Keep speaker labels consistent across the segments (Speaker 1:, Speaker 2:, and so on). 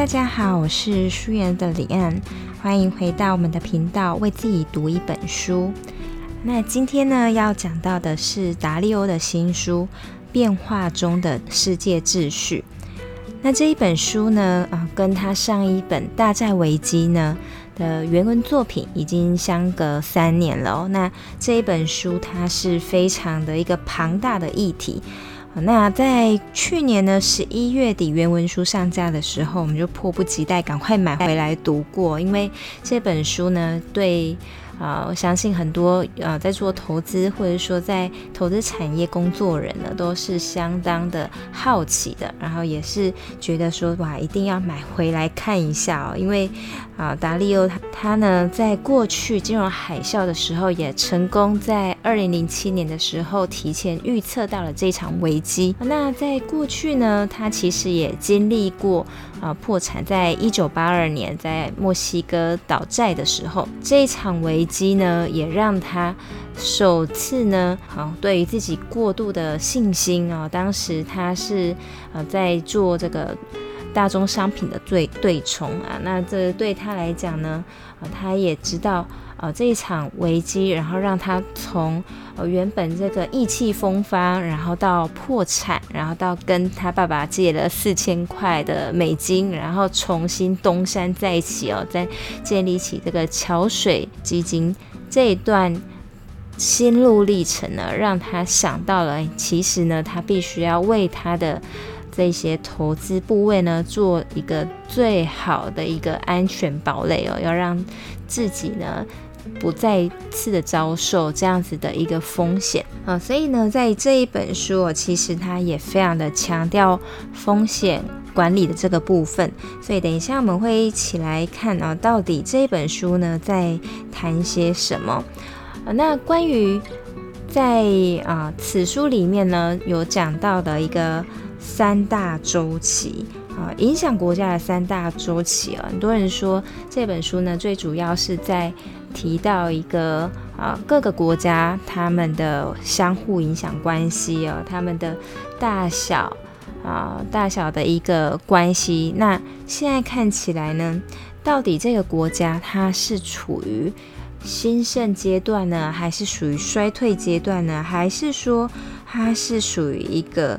Speaker 1: 大家好，我是書研的李安，歡迎回到我們的頻道，為自己讀一本書。那今天呢，要講到的是達利歐的新書《變化中的世界秩序》。那這一本書呢，啊、呃，跟他上一本《大債危機》呢的原文作品已經相隔三年了哦。那這一本書它是非常的一個龐大的議題。那在去年呢，十一月底，原文書上架的時候，我們就迫不及待趕快買回來讀過，因為這本書呢，對。啊、呃，我相信很多呃，在做投資或者說在投資產業工作人呢，都是相當的好奇的，然後也是覺得說，哇，一定要買回來看一下哦，因為啊，達利歐他他呢，在過去金融海嘯的時候，也成功在二零零七年的時候提前預測到了這場危機。那在過去呢，他其實也經歷過。啊、呃，破產在一九八二年，在墨西哥倒債的時候，這一場危機呢，也讓他首次呢，啊、呃，對於自己過度的信心啊、呃，當時他是啊、呃，在做這個大宗商品的對對沖啊，那這對他來講呢，呃，他也知道。哦，這一場危機，然後讓他從、哦、原本這個意氣風發，然後到破產，然後到跟他爸爸借了四千塊的美金，然後重新東山再起哦，再建立起這個橋水基金這一段心路歷程呢，讓他想到了、哎，其實呢，他必須要為他的這些投資部位呢，做一個最好的一個安全堡壘哦，要讓自己呢，不再次的遭受這樣子的一個風險啊，所以呢，在這一本書哦，其實它也非常的強調風險管理的這個部分。所以等一下我們會一起來看啊，到底這本書呢，在談些什麼？啊，那關於在啊此書裡面呢，有講到的一個三大週期啊，影響國家的三大週期啊，很多人說這本書呢，最主要是在。提到一個啊，各個國家他們的相互影響關係哦，他們的大小啊，大小的一個關係。那現在看起來呢，到底這個國家它是處於興盛階段呢，還是屬於衰退階段呢？還是說它是屬於一個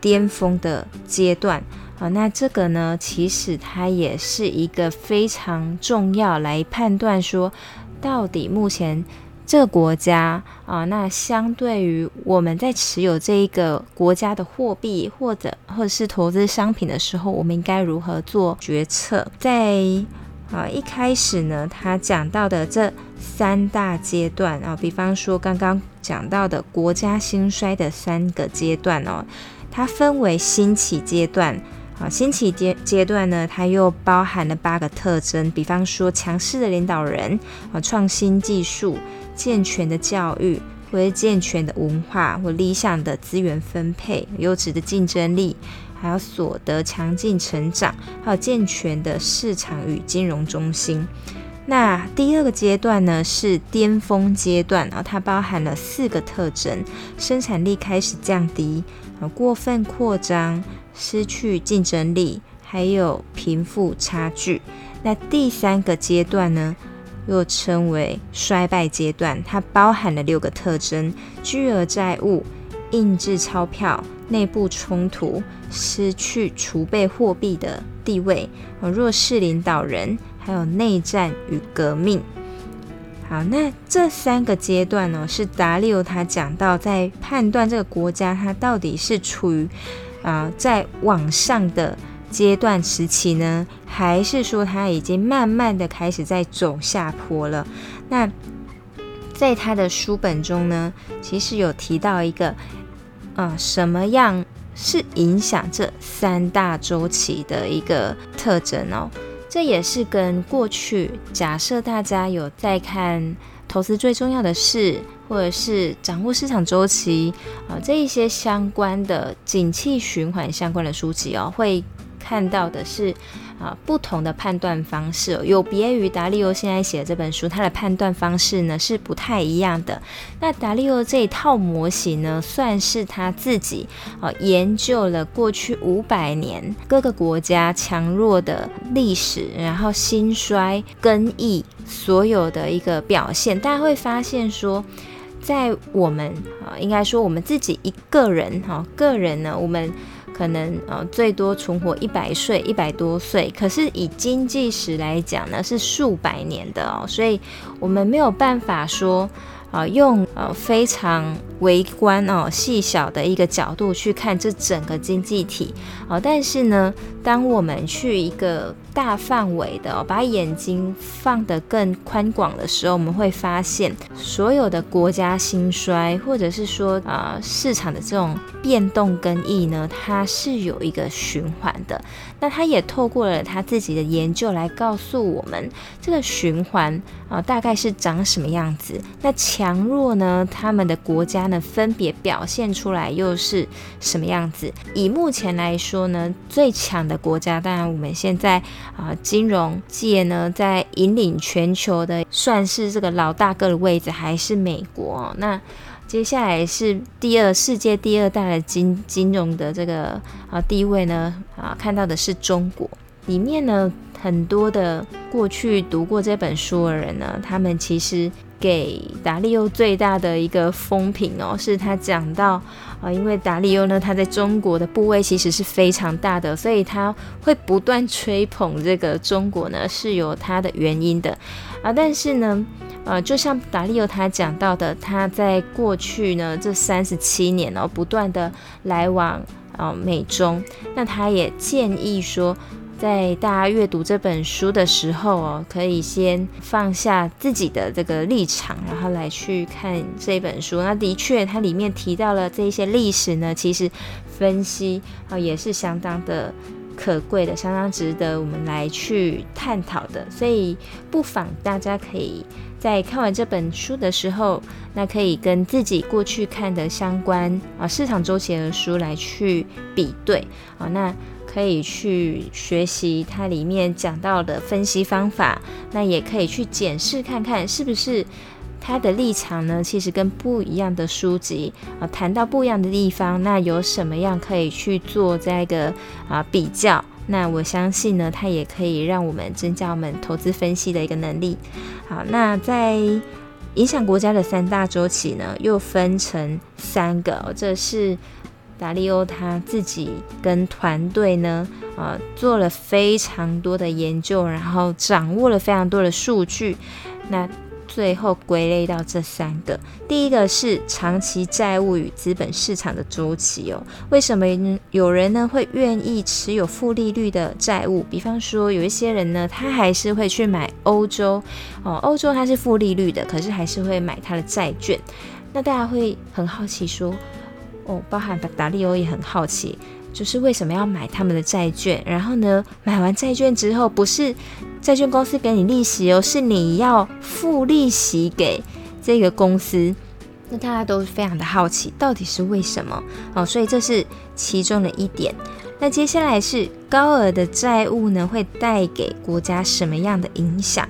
Speaker 1: 巔峰的階段？啊、哦，那這個呢，其實它也是一個非常重要來判斷說，到底目前這國家啊、哦，那相對於我們在持有這一個國家的貨幣或者或者是投資商品的時候，我們應該如何做決策？在啊、哦、一開始呢，他講到的這三大階段啊、哦，比方說剛剛講到的國家興衰的三個階段哦，它分為興起階段。啊，興起階階段呢，它又包含了八個特徵，比方說強勢的領導人，啊，創新技術，健全的教育，或是健全的文化，或理想的資源分配，優質的競爭力，還有所得強勁成長，還有健全的市場與金融中心。那第二個階段呢，是巔峰階段，然後它包含了四個特徵，生產力開始降低。過分擴張、失去競爭力，還有貧富差距。那第三個階段呢，又稱為衰敗階段，它包含了六個特徵：巨額債務、印製鈔票、內部衝突、失去儲備貨幣的地位、弱勢領導人，還有內戰與革命。好，那這三個階段呢、哦，是達利歐他講到，在判斷這個國家它到底是處於啊、呃、在往上的階段時期呢，還是說它已經慢慢的開始在走下坡了？那在他的書本中呢，其實有提到一個啊、呃、什麼樣是影響這三大週期的一個特徵哦。這也是跟過去，假設大家有在看投資最重要的事，或者是掌握市場周期啊、呃、這一些相關的景氣循環相關的書籍哦，會看到的是。啊，不同的判斷方式有別於達利歐現在寫的這本書，他的判斷方式呢是不太一樣的。那達利歐這一套模型呢，算是他自己啊研究了過去五百年各個國家強弱的歷史，然後興衰更迭，所有的一個表現。大家會發現說，在我們啊，應該說我們自己一個人哈、啊，個人呢，我們。可能呃最多存活一百歲、一百多歲，可是以經濟史來講呢，是數百年的哦，所以我們沒有辦法說。啊、呃，用呃非常微觀哦、細小的一個角度去看這整個經濟體，啊、哦，但是呢，當我們去一個大範圍的、哦，把眼睛放得更寬廣的時候，我們會發現所有的國家興衰，或者是說啊、呃、市場的這種變動跟易呢，它是有一個循環的。那他也透過了他自己的研究來告訴我們，這個循環啊、呃、大概是長什麼樣子。那強弱呢？他們的國家呢分別表現出來又是什麼樣子？以目前來說呢，最強的國家，當然我們現在啊、呃、金融界呢在引領全球的，算是這個老大哥的位置，還是美國。那。接下來是第二世界第二大的金金融的這個啊地位呢啊，看到的是中國裡面呢，很多的過去讀過這本書的人呢，他們其實給達利歐最大的一個風評哦，是他講到啊，因為達利歐呢，他在中國的部位其實是非常大的，所以他會不斷吹捧這個中國呢，是有他的原因的啊，但是呢，呃，就像達利歐他講到的，他在過去呢這三十七年哦，不斷的來往、呃、美中。那他也建議說，在大家閱讀這本書的時候哦，可以先放下自己的這個立場，然後來去看這本書。那的確，它裡面提到了這些歷史呢，其實分析啊、呃、也是相當的可貴的，相當值得我們來去探討的。所以，不妨大家可以。在看完這本書的時候，那可以跟自己過去看的相關啊市場周期的書來去比對啊，那可以去學習它裡面講到的分析方法，那也可以去檢視看看是不是它的立場呢，其實跟不一樣的書籍啊談到不一樣的地方，那有什麼樣可以去做這一個啊比較。那我相信呢，它也可以讓我們增加我們投資分析的一個能力。好，那在影響國家的三大週期呢，又分成三個。這是達利歐他自己跟團隊呢，啊、呃，做了非常多的研究，然後掌握了非常多的數據。那最後歸類到這三個，第一個是長期債務與資本市場的周期哦。為什麼有人呢會願意持有負利率的債務？比方說有一些人呢，他還是會去買歐洲哦，歐洲它是負利率的，可是還是會買它的債券。那大家會很好奇說。哦，包含達利歐也很好奇，就是為什麼要買他們的債券？然後呢，買完債券之後，不是債券公司給你利息哦，是你要付利息給這個公司。那大家都非常的好奇，到底是為什麼？哦，所以這是其中的一點。那接下來是高額的債務呢，會帶給國家什麼樣的影響？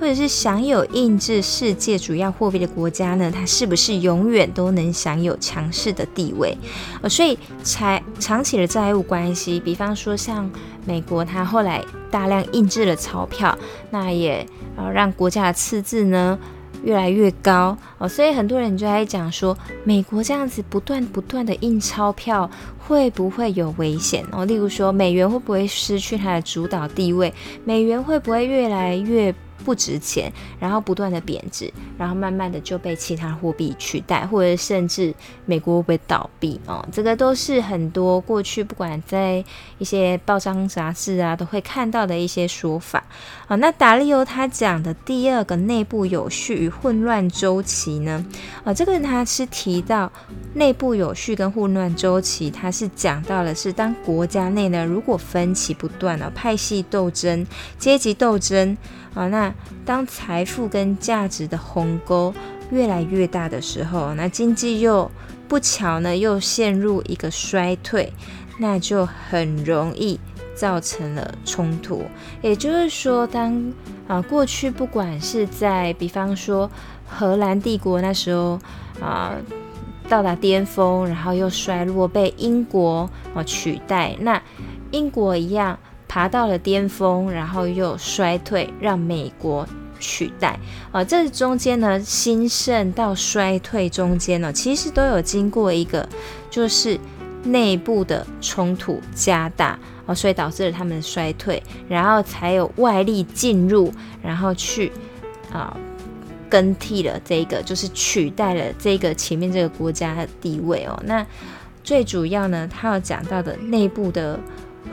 Speaker 1: 或者是享有印制世界主要貨幣的國家呢，它是不是永遠都能享有強勢的地位？呃，所以長長期的債務關係，比方說像美國，它後來大量印制了鈔票，那也呃讓國家的赤字呢，越來越高哦，所以很多人就在講說，美國這樣子不斷不斷的印鈔票，會不會有危險哦？例如說，美元會不會失去它的主導地位？美元會不會越來越？不值錢，然後不斷的貶值，然後慢慢的就被其他貨幣取代，或者甚至美國會不會倒閉哦？這個都是很多過去不管在一些報章雜誌啊都會看到的一些說法啊、哦。那達利歐他講的第二個內部有序與混亂週期呢？啊、哦，這個他是提到內部有序跟混亂週期，他是講到的是當國家內呢，如果分歧不斷了、哦，派系鬥爭、階級鬥爭。好、哦，那當財富跟價值的鴻溝越來越大的時候，那經濟又不巧呢，又陷入一個衰退，那就很容易造成了衝突。也就是說當，當啊過去不管是在比方說荷蘭帝國那時候啊到達巔峰，然後又衰落，被英國啊取代，那英國一樣。爬到了巔峰，然後又衰退，讓美國取代啊、哦。這中間呢，興盛到衰退中間呢、哦，其實都有經過一個，就是內部的衝突加大哦，所以導致了他們的衰退，然後才有外力進入，然後去啊、哦、更替了這個，就是取代了這個前面這個國家的地位哦。那最主要呢，他要講到的內部的。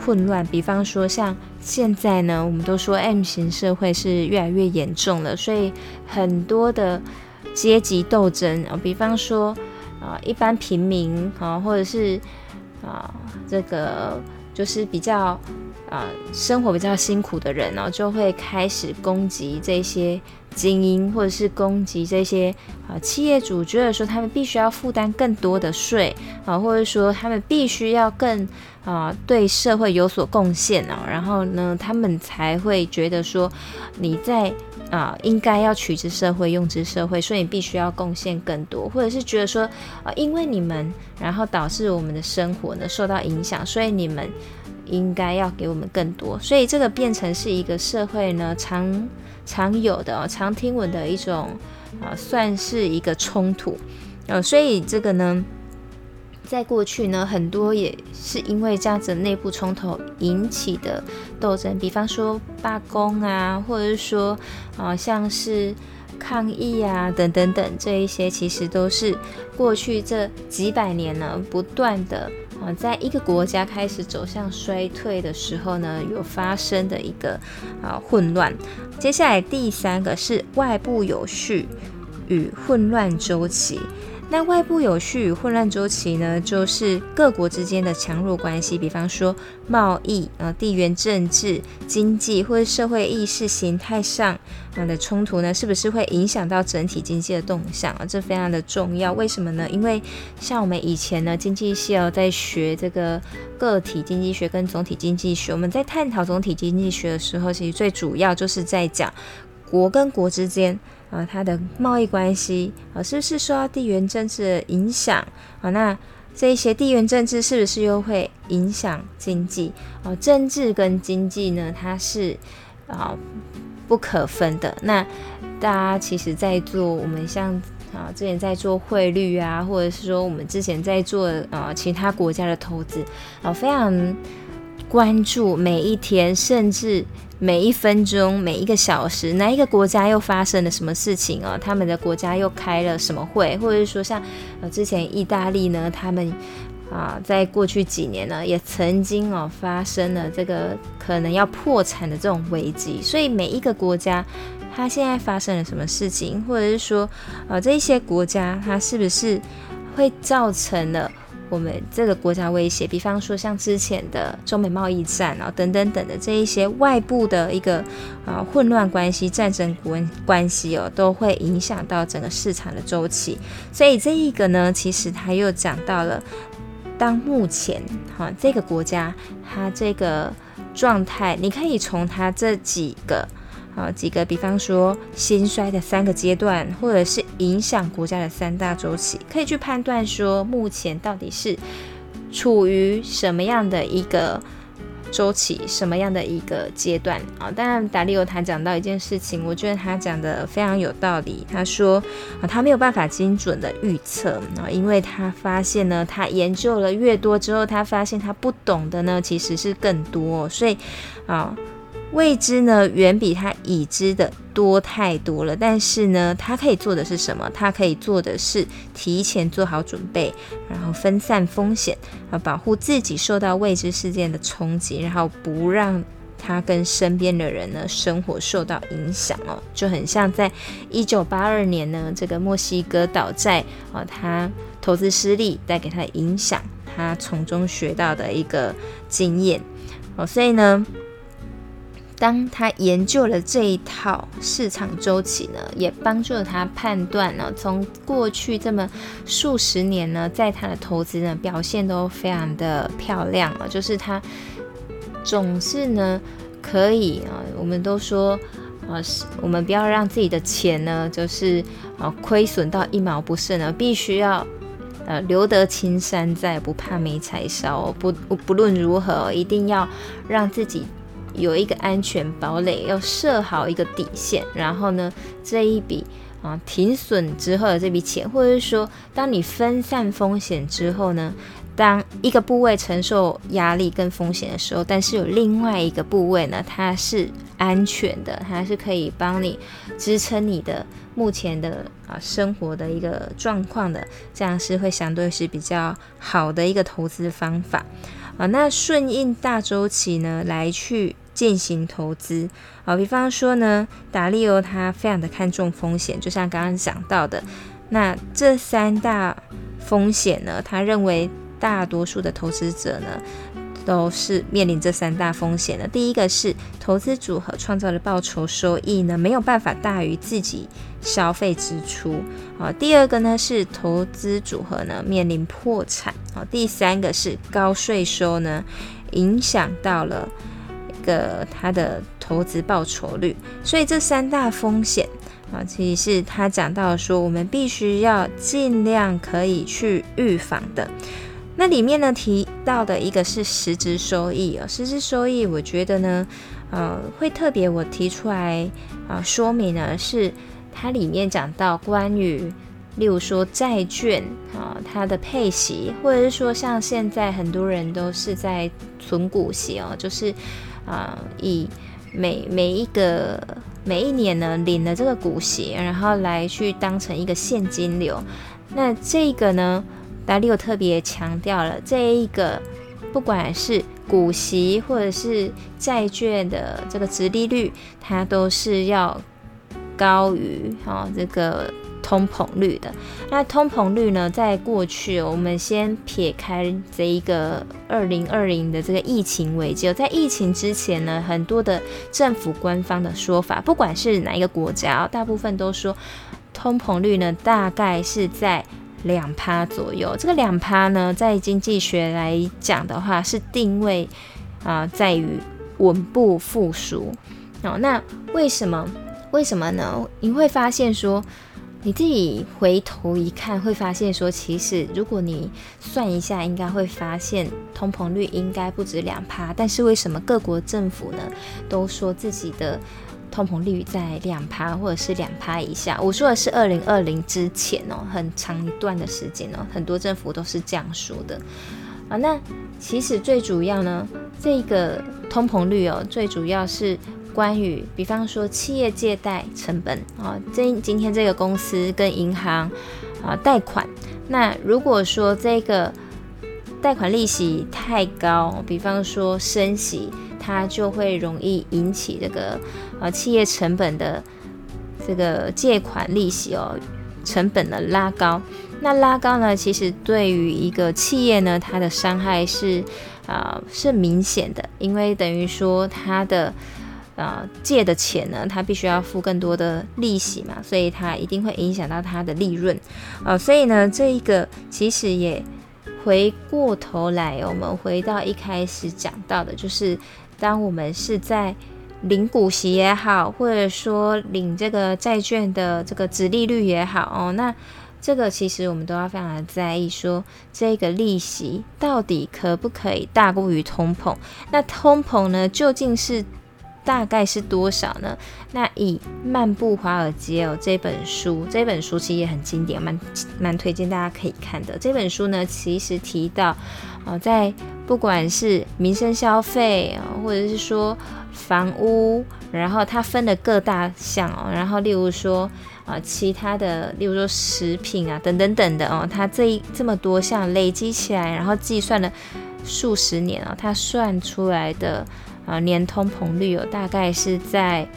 Speaker 1: 混亂，比方說像現在呢，我們都說 M 型社會是越來越嚴重了，所以很多的階級鬥爭啊，比方說啊、呃，一般平民啊、呃，或者是啊、呃，這個就是比較啊、呃，生活比較辛苦的人呢、呃，就會開始攻擊這些精英，或者是攻擊這些啊、呃，企業主，覺得說他們必須要負擔更多的稅啊、呃，或者說他們必須要更。啊、呃，對社會有所貢獻哦，然後呢，他們才會覺得說，你在啊、呃，應該要取之社會，用之社會，所以你必須要貢獻更多，或者是覺得說，啊、呃，因為你們，然後導致我們的生活呢受到影響，所以你們應該要給我們更多，所以這個變成是一個社會呢，常常有的、哦、常聽聞的一種啊、呃，算是一個衝突，呃，所以這個呢。在過去呢，很多也是因為這樣子內部衝突引起的鬥爭，比方說罷工啊，或者是說啊、呃，像是抗議啊，等等等，這一些其實都是過去這幾百年呢，不斷的啊、呃，在一個國家開始走向衰退的時候呢，有發生的一個啊、呃，混亂。接下來第三個是外部有序與混亂週期。那外部有序與混亂週期呢，就是各國之間的強弱關係。比方說貿易、呃、地緣政治、經濟或者社會意識形態上、呃、的衝突呢，是不是會影響到整體經濟的動向啊、呃？這非常的重要。為什麼呢？因為像我們以前呢，經濟系啊、哦、在學這個個體經濟學跟總體經濟學，我們在探討總體經濟學的時候，其實最主要就是在講國跟國之間。啊、呃，它的貿易關係啊、呃，是不是受到地緣政治的影響？啊、呃，那這一些地緣政治是不是又會影響經濟？哦、呃，政治跟經濟呢，它是啊、呃、不可分的。那大家其實在做，我們像啊、呃，之前在做匯率啊，或者是說我們之前在做啊、呃，其他國家的投資，啊、呃，非常。關注每一天，甚至每一分鐘、每一個小時，哪一個國家又發生了什麼事情哦？他們的國家又開了什麼會，或者是說像，像呃之前意大利呢，他們啊、呃，在過去幾年呢，也曾經哦、呃、發生了這個可能要破產的這種危機。所以每一個國家，它現在發生了什麼事情，或者是說，呃，這一些國家它是不是會造成了？我們這個國家威脅，比方說像之前的中美貿易戰、哦，然後等等等的這一些外部的一個啊混亂關係、戰爭關關係哦，都會影響到整個市場的週期。所以這一個呢，其實它又講到了，當目前哈、啊、這個國家它這個狀態，你可以從它這幾個，啊、哦，幾個比方說，興衰的三個階段，或者是影響國家的三大週期，可以去判斷說，目前到底是處於什麼樣的一個週期，什麼樣的一個階段啊？當、哦、然，達利歐他講到一件事情，我覺得他講的非常有道理。他說，啊、哦，他沒有辦法精準的預測，啊、哦，因為他發現呢，他研究了越多之後，他發現他不懂的呢，其實是更多，所以，啊、哦。未知呢，遠比他已知的多太多了。但是呢，他可以做的是什麼？他可以做的是提前做好準備，然後分散風險，啊，保護自己受到未知事件的衝擊，然後不讓他跟身邊的人呢，生活受到影響哦，就很像在一九八二年呢，這個墨西哥倒債啊、哦，他投資失利帶給他的影響，他從中學到的一個經驗哦，所以呢。當他研究了這一套市場週期呢，也幫助了他判斷了、哦，從過去這麼數十年呢，在他的投資呢，表現都非常的漂亮啊、哦，就是他總是呢，可以啊、哦。我們都說啊、哦，我們不要讓自己的錢呢，就是啊、哦，虧損到一毛不剩了，必須要呃，留得青山在，不怕沒柴燒。不不，不論如何，一定要讓自己。有一個安全堡壘，要設好一個底線。然後呢，這一筆啊停損之後的這筆錢，或者是說當你分散風險之後呢，當一個部位承受壓力跟風險的時候，但是有另外一個部位呢，它是安全的，它是可以幫你支撐你的目前的啊生活的一個狀況的。這樣是會相對是比較好的一個投資方法。啊，那順應大週期呢，來去進行投資啊。比方說呢，達利歐他非常的看重風險，就像剛剛講到的。那這三大風險呢，他認為大多數的投資者呢，都是面臨這三大風險的。第一個是投資組合創造的報酬收益呢，沒有辦法大於自己消費支出啊。第二個呢是投資組合呢面臨破產啊。第三個是高稅收呢影響到了一個它的投資報酬率。所以這三大風險啊，其實是他講到說，我們必須要儘量可以去預防的。那裡面呢，提到的一個是實質收益哦，實質收益，我覺得呢，呃，會特別我提出來啊、呃，說明呢是它裡面講到關於，例如說債券啊、呃，它的配息，或者是說像現在很多人都是在存股息哦，就是啊、呃，以每每一個每一年呢，領了這個股息，然後來去當成一個現金流，那這個呢，達利歐特別強調了，這一個不管是股息或者是債券的這個殖利率，它都是要高於哈、哦、這個通膨率的。那通膨率呢，在過去我們先撇開這一個二零二零的這個疫情危機，在疫情之前呢，很多的政府官方的說法，不管是哪一個國家，大部分都說通膨率呢大概是在。兩趴左右，這個兩趴呢，在經濟學來講的話，是定位啊、呃，在於穩步復甦。哦，那為什麼？為什麼呢？你會發現說，你自己回頭一看，會發現說，其實如果你算一下，應該會發現通膨率應該不止兩趴。但是為什麼各國政府呢，都說自己的？通膨率在兩趴或者是兩趴以下，我說的是二零二零之前哦，很長一段的時間哦，很多政府都是這樣說的啊。那其實最主要呢，這個通膨率哦，最主要是關於，比方說企業借貸成本啊，今今天這個公司跟銀行啊貸款，那如果說這個貸款利息太高，比方說升息，它就會容易引起這個。啊，企業成本的這個借款利息哦，成本的拉高，那拉高呢，其實對於一個企業呢，它的傷害是啊、呃、是明顯的，因為等於說它的啊、呃、借的錢呢，它必須要付更多的利息嘛，所以它一定會影響到它的利潤啊、呃，所以呢，這一個其實也回過頭來，我們回到一開始講到的，就是當我們是在。領股息也好，或者說領這個債券的這個殖利率也好哦，那這個其實我們都要非常的在意說，說這個利息到底可不可以大過於通膨？那通膨呢，究竟是大概是多少呢？那以《漫步華爾街》哦這本書，這本書其實也很經典，蠻蠻推薦大家可以看的。這本書呢，其實提到哦，在不管是民生消費，哦、或者是說房屋，然後它分了各大項哦，然後例如說啊、呃，其他的，例如說食品啊，等等等等的哦，它這一這麼多項累積起來，然後計算了數十年哦，它算出來的啊、呃、年通膨率有、哦、大概是在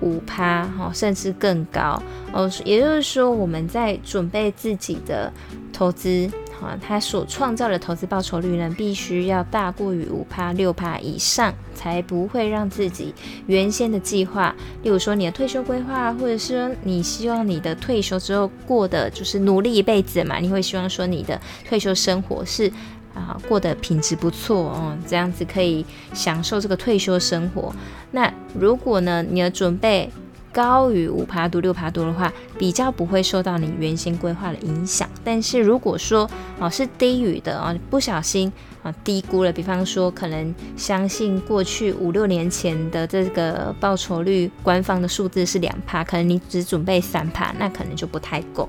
Speaker 1: 五趴哈，甚至更高哦，也就是說我們在準備自己的投資。啊，他所創造的投資報酬率呢，必須要大過於五趴，六趴以上，才不會讓自己原先的計劃，例如說你的退休規劃，或者是說你希望你的退休之後過的就是努力一輩子嘛，你會希望說你的退休生活是啊過得品質不錯哦、嗯，這樣子可以享受這個退休生活。那如果呢，你的準備高於五趴多六趴多的話，比較不會受到你原先規劃的影響。但是如果說哦是低於的啊、哦，不小心啊、哦、低估了，比方說可能相信過去五六年前的這個報酬率，官方的數字是兩趴，可能你只準備三趴，那可能就不太夠。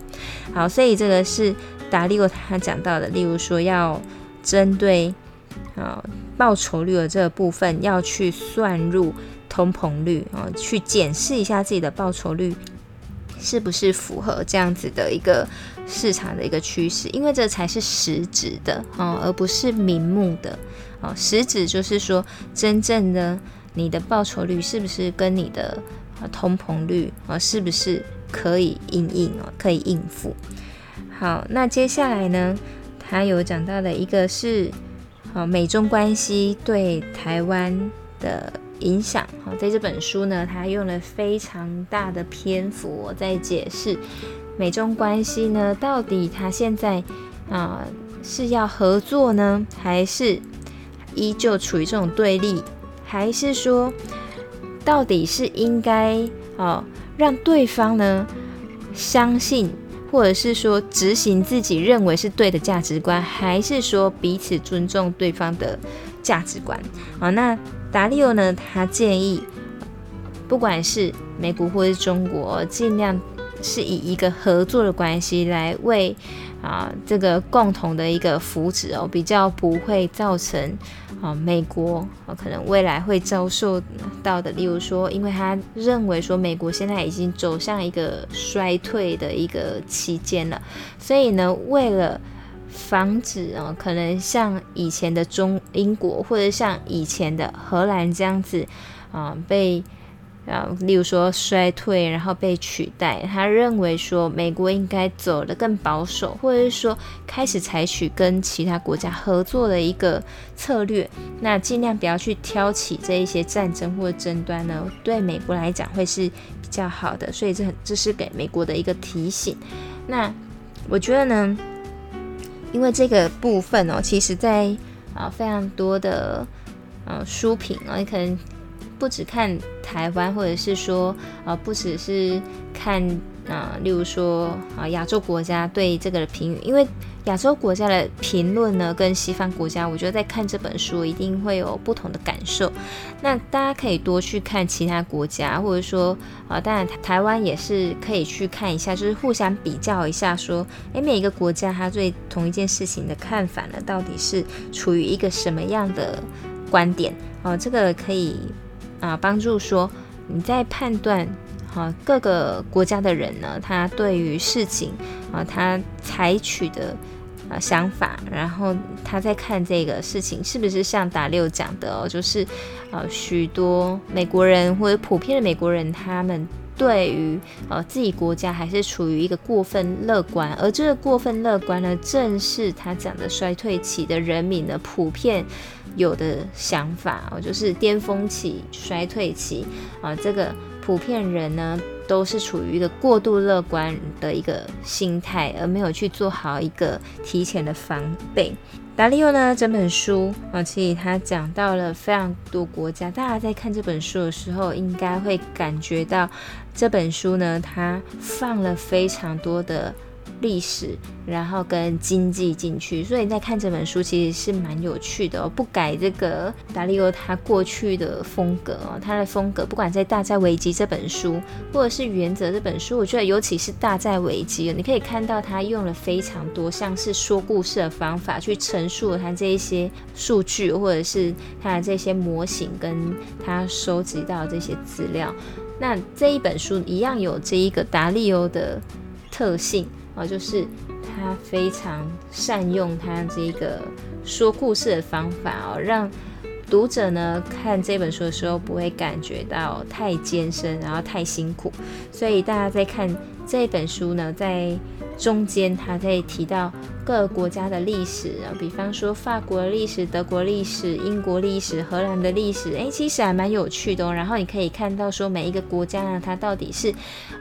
Speaker 1: 好，所以這個是達利歐他講到的，例如說要針對啊、哦、報酬率的這個部分要去算入。通膨率啊、哦，去檢視一下自己的報酬率是不是符合這樣子的一個市場的一個趨勢，因為這才是實質的啊、哦，而不是名目的啊、哦。實質就是說，真正的你的報酬率是不是跟你的、啊、通膨率啊、哦，是不是可以因應啊，可以應付。好，那接下來呢，他有講到的一個是，啊、哦，美中關係對台灣的。影響哈，在這本書呢，他用了非常大的篇幅，我在解釋美中關係呢，到底他現在啊、呃、是要合作呢，還是依舊處於這種對立，還是說到底是應該哦、呃、讓對方呢相信，或者是說執行自己認為是對的價值觀，還是說彼此尊重對方的價值觀啊、哦？那。達利歐呢，他建議，不管是美國或是中國，盡量是以一個合作的關係來為啊這個共同的一個福祉哦，比較不會造成啊美國啊可能未來會遭受到的，例如說，因為他認為說美國現在已經走向一個衰退的一個期間了，所以呢，為了，防止啊、哦，可能像以前的中英國或者像以前的荷蘭這樣子，啊、呃，被啊，例如說衰退，然後被取代。他認為說，美國應該走得更保守，或者是說開始採取跟其他國家合作的一個策略，那儘量不要去挑起這一些戰爭或者爭端呢，對美國來講會是比較好的。所以這很，這是給美國的一個提醒。那我覺得呢？因為這個部分哦，其實在啊非常多的呃、啊、書評哦，你可能不止看台灣，或者是說啊不只是看啊，例如說啊亞洲國家對這個的評語，因為。亞洲國家的評論呢，跟西方國家，我覺得在看這本書一定會有不同的感受。那大家可以多去看其他國家，或者說啊、哦，當然台灣也是可以去看一下，就是互相比較一下說，說、欸、誒，每一個國家它對同一件事情的看法呢，到底是處於一個什麼樣的觀點哦？這個可以啊，幫助說你在判斷。好，各個國家的人呢，他對於事情啊，他採取的啊想法，然後他在看這個事情是不是像達利歐講的，哦，就是啊，許多美國人或者普遍的美國人，他們對於呃自己國家還是處於一個過分樂觀，而這個過分樂觀呢，正是他講的衰退期的人民的普遍有的想法哦，就是巔峰期、衰退期啊，這個。普遍人呢，都是處於一個過度樂觀的一個心態，而沒有去做好一個提前的防備。達利歐呢，整本書啊，其實他講到了非常多國家，大家在看這本書的時候，應該會感覺到這本書呢，它放了非常多的。歷史，然後跟經濟進去，所以你在看這本書其實是蠻有趣的哦。不改這個達利歐他過去的風格哦，他的風格不管在《大債危機》這本書，或者是《原則》這本書，我覺得尤其是《大債危機》，你可以看到他用了非常多像是說故事的方法去陳述了他這一些數據，或者是他的這些模型，跟他收集到這些資料。那這一本書一樣有這一個達利歐的特性。啊、哦，就是他非常善用他這個說故事的方法哦，讓讀者呢看這本書的時候不會感覺到太艱深，然後太辛苦。所以大家在看這本書呢，在中間他在提到，各個國家的歷史啊，比方說法國的歷史、德國歷史、英國歷史、荷蘭的歷史，誒，其實還蠻有趣的哦。然後你可以看到說，每一個國家呢，它到底是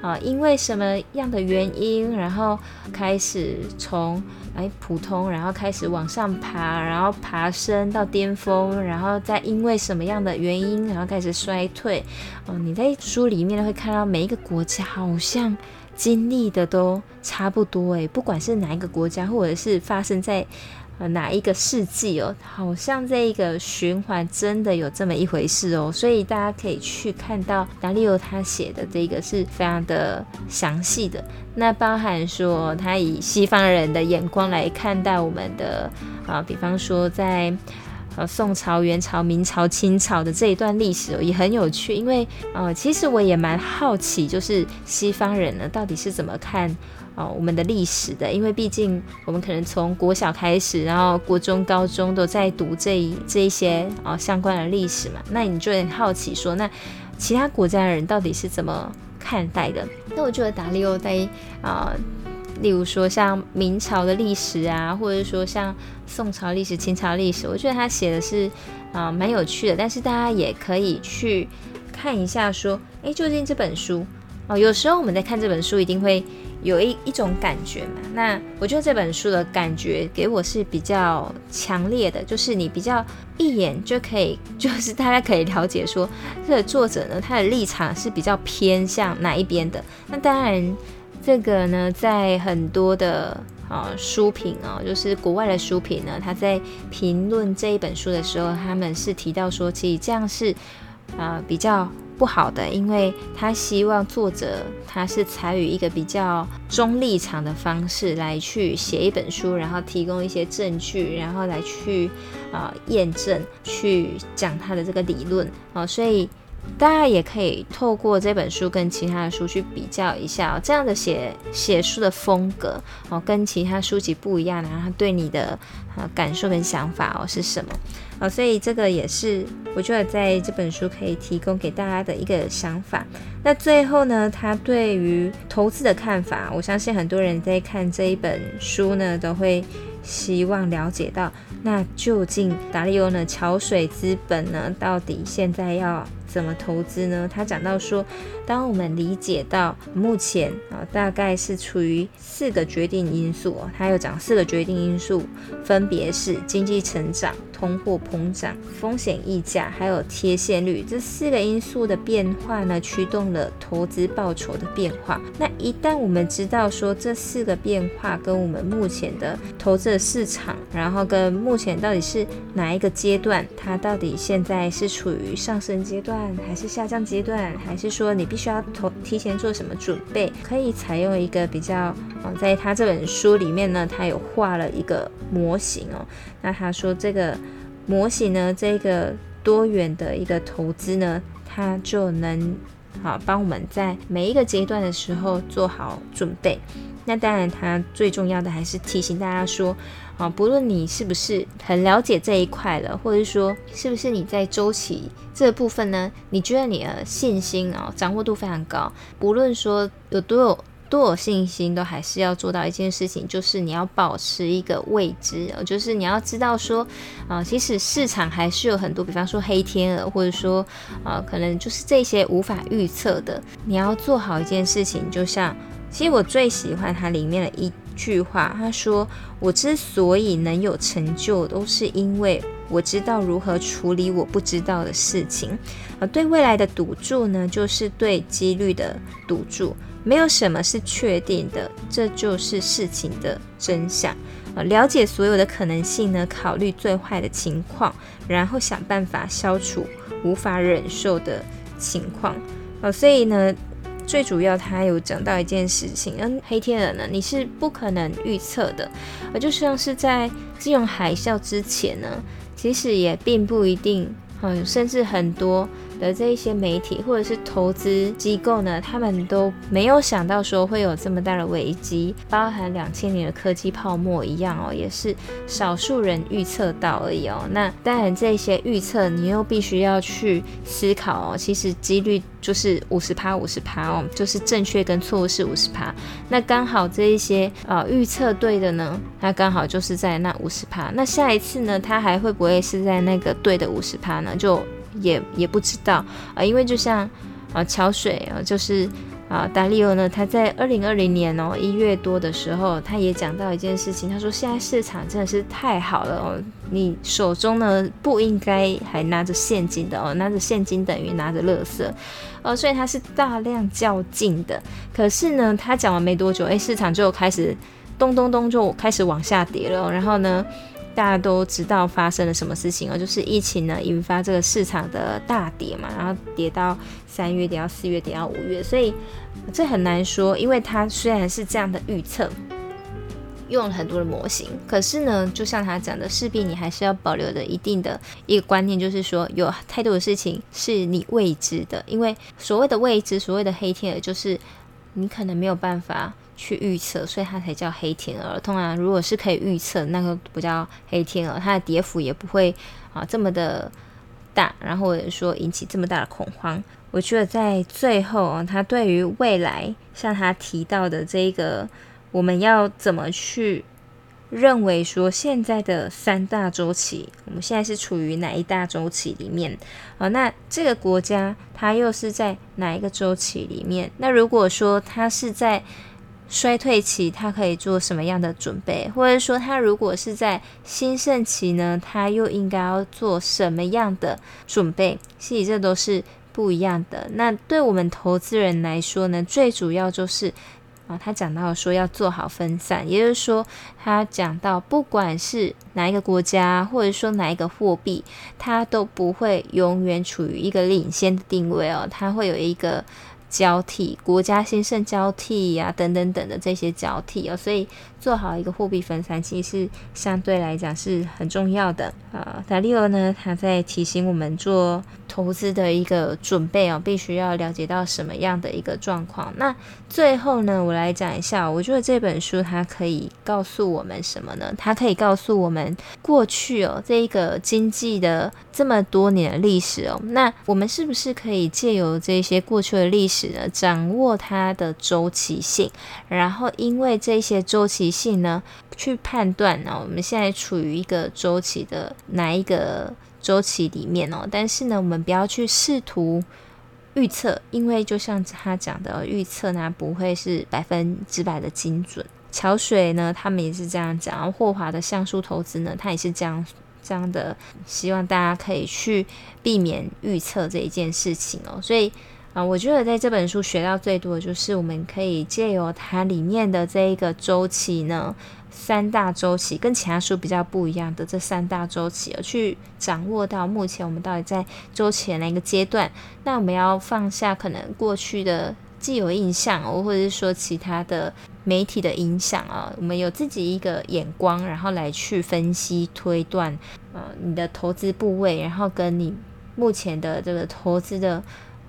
Speaker 1: 啊，呃，因為什麼樣的原因，然後開始從誒普通，然後開始往上爬，然後爬升到巔峰，然後再因為什麼樣的原因，然後開始衰退。呃，你在書裡面會看到每一個國家好像。經歷的都差不多誒，不管是哪一個國家，或者是發生在哪一個世紀哦，好像這一個循環真的有這麼一回事哦，所以大家可以去看到達利歐他寫的這個是非常的詳細的，那包含說他以西方人的眼光來看待我們的啊，比方說在。宋朝、元朝、明朝、清朝的這一段歷史也很有趣，因為呃，其實我也蠻好奇，就是西方人呢到底是怎麼看啊、呃、我們的歷史的？因為畢竟我們可能從國小開始，然後國中、高中都在讀這一這一些、呃、相關的歷史嘛。那你就很好奇說，那其他國家的人到底是怎麼看待的？那我覺得達利歐在啊。例如說，像明朝的歷史啊，或者說像宋朝歷史、清朝歷史，我覺得他寫的是啊、呃，蠻有趣的。但是大家也可以去看一下，說，哎，究竟這本書哦，有時候我們在看這本書，一定會有一一種感覺嘛。那我覺得這本書的感覺給我是比較強烈的，就是你比較一眼就可以，就是大家可以了解說，這個作者呢，他的立場是比較偏向哪一邊的。那當然。這個呢，在很多的啊、哦、書評哦，就是國外的書評呢，他在評論這一本書的時候，他們是提到說，其實這樣是啊、呃、比較不好的，因為他希望作者他是採取一個比較中立場的方式來去寫一本書，然後提供一些證據，然後來去啊、呃、驗證，去講他的這個理論啊、哦，所以。大家也可以透過這本書跟其他的書去比較一下哦，這樣的寫寫書的風格哦，跟其他書籍不一樣。然後他對你的啊、呃、感受跟想法哦是什麼？哦，所以這個也是我覺得在這本書可以提供給大家的一個想法。那最後呢，他對於投資的看法，我相信很多人在看這一本書呢，都會希望了解到，那究竟達利歐呢，橋水資本呢，到底現在要。怎麼投資呢？他講到說，當我們理解到目前啊、哦，大概是處於四個決定因素哦。他有講四個決定因素，分別是經濟成長、通貨膨脹、風險溢價，還有貼現率這四個因素的變化呢，驅動了投資報酬的變化。那一旦我們知道說這四個變化跟我們目前的投資的市場，然後跟目前到底是哪一個階段，它到底現在是處於上升階段。還是下降階段，還是說你必須要投提前做什麼準備？可以採用一個比較，嗯、哦，在他這本書裡面呢，他有畫了一個模型哦。那他說這個模型呢，這個多元的一個投資呢，它就能好幫我們在每一個階段的時候做好準備。那當然，他最重要的還是提醒大家說，啊、哦，不論你是不是很了解這一塊的，或者是說，是不是你在周期這部分呢，你覺得你的信心啊、哦，掌握度非常高。不論說有多有多有信心，都還是要做到一件事情，就是你要保持一個未知，就是你要知道說，啊、呃，其實市場還是有很多，比方說黑天鵝，或者說啊、呃，可能就是這些無法預測的，你要做好一件事情，就像其實我最喜歡它裡面的一。一句話，他說：“我之所以能有成就，都是因為我知道如何處理我不知道的事情。啊，對未來的賭注呢，就是對幾率的賭注。沒有什麼是確定的，這就是事情的真相。啊，了解所有的可能性呢，考慮最壞的情況，然後想辦法消除無法忍受的情況。啊，所以呢。”最主要，他有講到一件事情，嗯，黑天鵝呢，你是不可能預測的，而就像是在金融海嘯之前呢，其實也並不一定，嗯、哦，甚至很多的這一些媒體或者是投資機構呢，他們都沒有想到說會有這麼大的危機，包含兩千年的科技泡沫一樣哦，也是少數人預測到而已哦。那當然，這些預測你又必須要去思考哦。其實幾率就是五十趴五十趴哦，就是正確跟錯誤是五十趴。那剛好這一些啊預測對的呢，他剛好就是在那五十趴。那下一次呢，它還會不會是在那個對的五十趴呢？就也也不知道啊、呃，因為就像啊，橋、呃、水啊、呃，就是啊，達利歐呢，他在二零二零年哦一月多的時候，他也講到一件事情，他說，現在市場真的是太好了哦，你手中呢不應該還拿着現金的哦，拿着現金等於拿着垃圾，呃，所以他是大量較勁的，可是呢，他講完沒多久，誒，市場就開始咚咚咚就開始往下跌了，哦，然後呢。大家都知道發生了什麼事情哦，就是疫情呢引發這個市場的大跌嘛，然後跌到三月，跌到四月，跌到五月，所以這很難說，因為它雖然是這樣的預測，用了很多的模型，可是呢，就像他講的，勢必你還是要保留的一定的一個觀念，就是說有太多的事情是你未知的，因為所謂的未知，所謂的黑天鵝，就是你可能沒有辦法。去預測，所以它才叫黑天鵝。通常如果是可以預測，那個不叫黑天鵝，它的跌幅也不會啊這麼的大，然後或者說引起這麼大的恐慌。我覺得在最後，他，哦，對於未來，像他提到的這一個，我們要怎麼去認為說現在的三大週期，我們現在是處於哪一大週期裡面？哦，那這個國家它又是在哪一個週期裡面？那如果說它是在衰退期，他可以做什麼樣的準備？或者說，他如果是在興盛期呢，他又應該要做什麼樣的準備？其實這都是不一樣的。那對我們投資人來說呢，最主要就是啊，他講到說要做好分散，也就是說，他講到不管是哪一個國家，或者說哪一個貨幣，它都不會永遠處於一個領先的定位哦，它會有一個。交替，國家興盛交替呀、啊，等等等等的這些交替啊、喔，所以。做好一個貨幣分散其實相對來講是很重要的啊。達利歐呢，他在提醒我們做投資的一個準備哦，必須要了解到什麼樣的一個狀況。那最後呢，我來講一下哦，我覺得這本書它可以告訴我們什麼呢？它可以告訴我們過去哦，這一個經濟的這麼多年的歷史哦，那我們是不是可以借由這些過去的歷史呢，掌握它的周期性，然後因為這些周期。性呢，去判斷呢，我們現在處於一個週期的哪一個週期裡面哦？但是呢，我們不要去試圖預測，因為就像他講的，預測呢不會是百分之百的精準。橋水呢，他們也是這樣講，然後霍華的橡樹投資呢，他也是這樣這樣的，希望大家可以去避免預測這一件事情哦。所以。啊，我覺得在這本書學到最多的就是，我們可以借由它裡面的這一個週期呢，三大週期跟其他書比較不一樣的這三大週期，而去掌握到目前我們到底在週期的哪一個階段。那我們要放下可能過去的既有印象，或者說其他的媒體的影響啊，我們有自己一個眼光，然後來去分析推斷，呃，你的投資部位，然後跟你目前的這個投資的。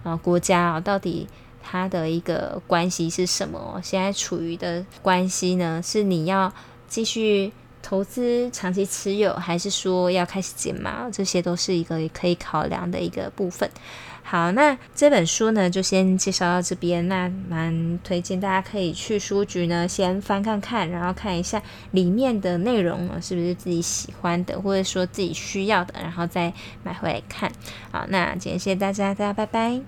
Speaker 1: 啊，國家啊，到底它的一個關係是什麼？現在處於的關係呢，是你要繼續投資長期持有，還是說要開始減碼？這些都是一個可以考量的一個部分。好，那這本書呢，就先介紹到這邊。那蠻推薦大家可以去書局呢，先翻看看，然後看一下裡面的內容，是不是自己喜歡的，或者說自己需要的，然後再買回來看。好，那今天謝謝大家，大家拜拜。